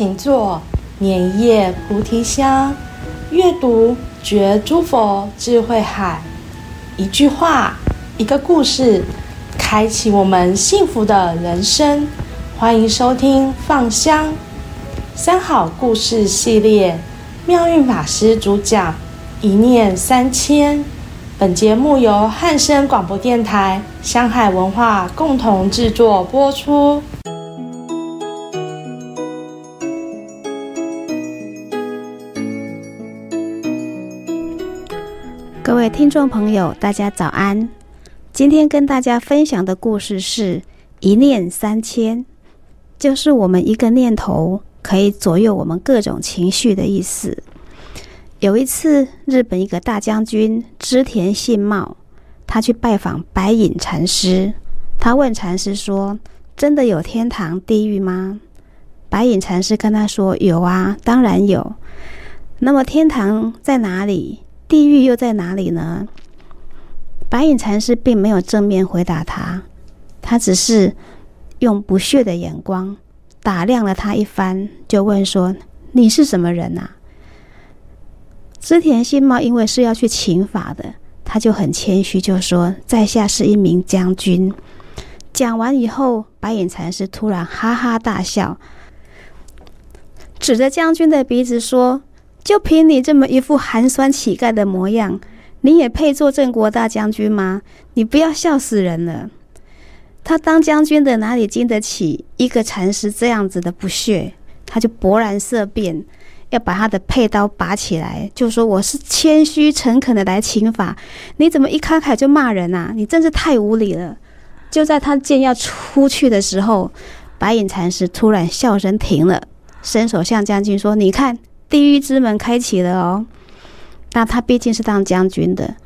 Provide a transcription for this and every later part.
請坐，蓮葉菩提香，閱讀覺諸佛智慧海，一句話，一個故事，開啟我們幸福的人生。歡迎收聽《放香三好故事》系列，妙韻法師主講《一念三千》。本節目由漢聲廣播電台、香海文化共同製作播出。聽眾朋友，大家早安！今天跟大家分享的故事是“一念三千”，就是我們一個念頭可以左右我們各種情緒的意思。有一次，日本一個大將軍織田信茂，他去拜訪白隱禪師，他問禪師說：“真的有天堂、地獄嗎？”白隱禪師跟他說：“有啊，當然有。那麼，天堂在哪裡？”地獄又在哪裡呢？白隱禪師並沒有正面回答他，他只是用不屑的眼光打量了他一番，就問說：“你是什麼人啊？”織田信茂因為是要去請法的，他就很謙虛，就說：“在下是一名將軍。”講完以後，白隱禪師突然哈哈大笑，指着將軍的鼻子說。就憑你這麼一副寒酸乞丐的模樣，你也配做鎮國大將軍嗎？你不要笑死人了！他當將軍的哪裡經得起一個禪師這樣子的不屑？他就勃然色變，要把他的佩刀拔起來，就說：“我是謙虛誠懇的來請法，你怎麼一開口就罵人吶、啊？你真是太無理無禮了！”就在他劍要出去的時候，白隱禪師突然笑聲停了，伸手向將軍說：“你看。”地獄之門開啟了哦，那他畢竟是當將軍的，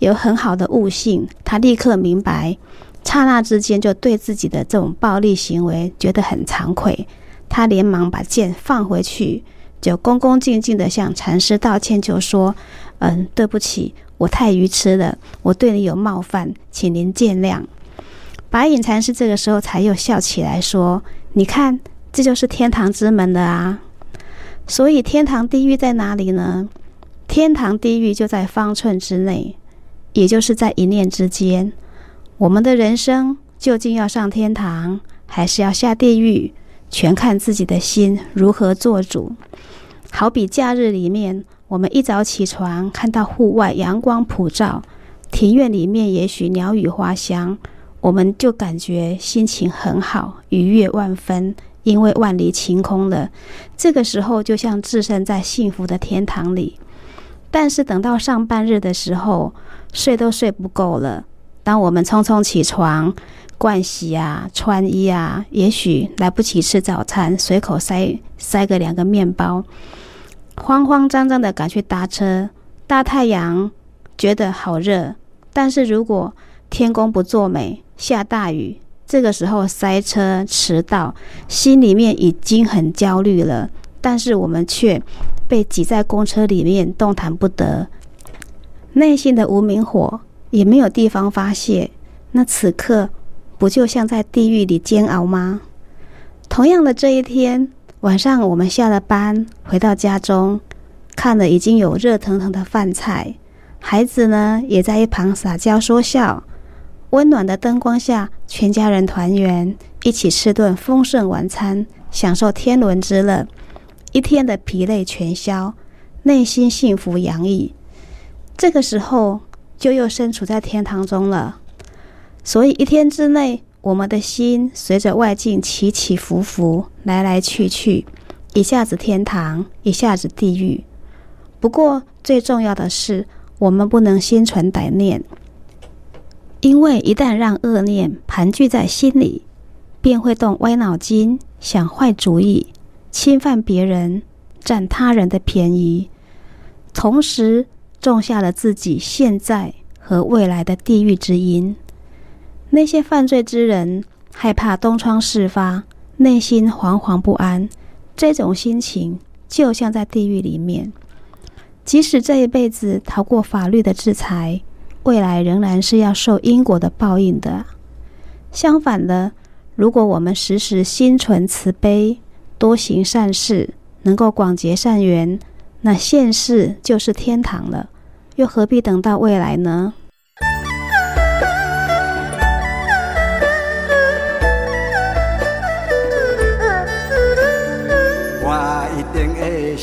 有很好的悟性，他立刻明白，剎那之間就對自己的這種暴力行為覺得很慚愧，他連忙把劍放回去，就恭恭敬敬地向禪師道歉，就說：“嗯，對不起，我太愚癡了，我對你有冒犯，請您見諒。”白隱禪師這個時候才又笑起來說：“你看，這就是天堂之門了啊。”所以，天堂地獄在哪裡呢？天堂地獄就在方寸之內，也就是在一念之間。我們的人生究竟要上天堂，還是要下地獄，全看自己的心如何作主。好比假日裡面，我們一早起床，看到戶外陽光普照，庭院裡面也許鳥語花香，我們就感覺心情很好，愉悅萬分。因為萬里晴空了，這個時候就像置身在幸福的天堂裡。但是等到上半日的時候，睡都睡不夠了。當我們匆匆起床、盥洗啊、穿衣啊，也許來不及吃早餐，隨口塞塞個兩個麵包，慌慌張張的趕去搭車。大太陽，覺得好熱。但是如果天公不作美，下大雨。這個時候塞車遲到，心裡面已經很焦慮了，但是我們卻被擠在公車裡面動彈不得，內心的無明火也沒有地方發洩，那此刻不就像在地獄裡煎熬嗎？同樣的這一天晚上，我們下了班回到家中，看了已經有熱騰騰的飯菜，孩子呢也在一旁撒嬌說笑。溫暖的燈光下，全家人團圓，一起吃頓豐盛晚餐，享受天倫之樂，一天的疲累全消，內心幸福洋溢。這個時候，就又身處在天堂中了。所以，一天之內，我們的心隨着外境起起伏伏，來來去去，一下子天堂，一下子地獄。不過，最重要的是，我們不能心存歹念。因為一旦讓惡念盤踞在心裡，便會動歪腦筋、想壞主意、侵犯別人、占他人的便宜，同時種下了自己現在和未來的地獄之因。那些犯罪之人害怕東窗事發，內心惶惶不安，這種心情就像在地獄裡面。即使這一輩子逃過法律的制裁。未來仍然是要受因果的報應的。相反的，如果我們時時心存慈悲，多行善事，能夠廣結善緣，那現世就是天堂了，又何必等到未來呢？哇，一定會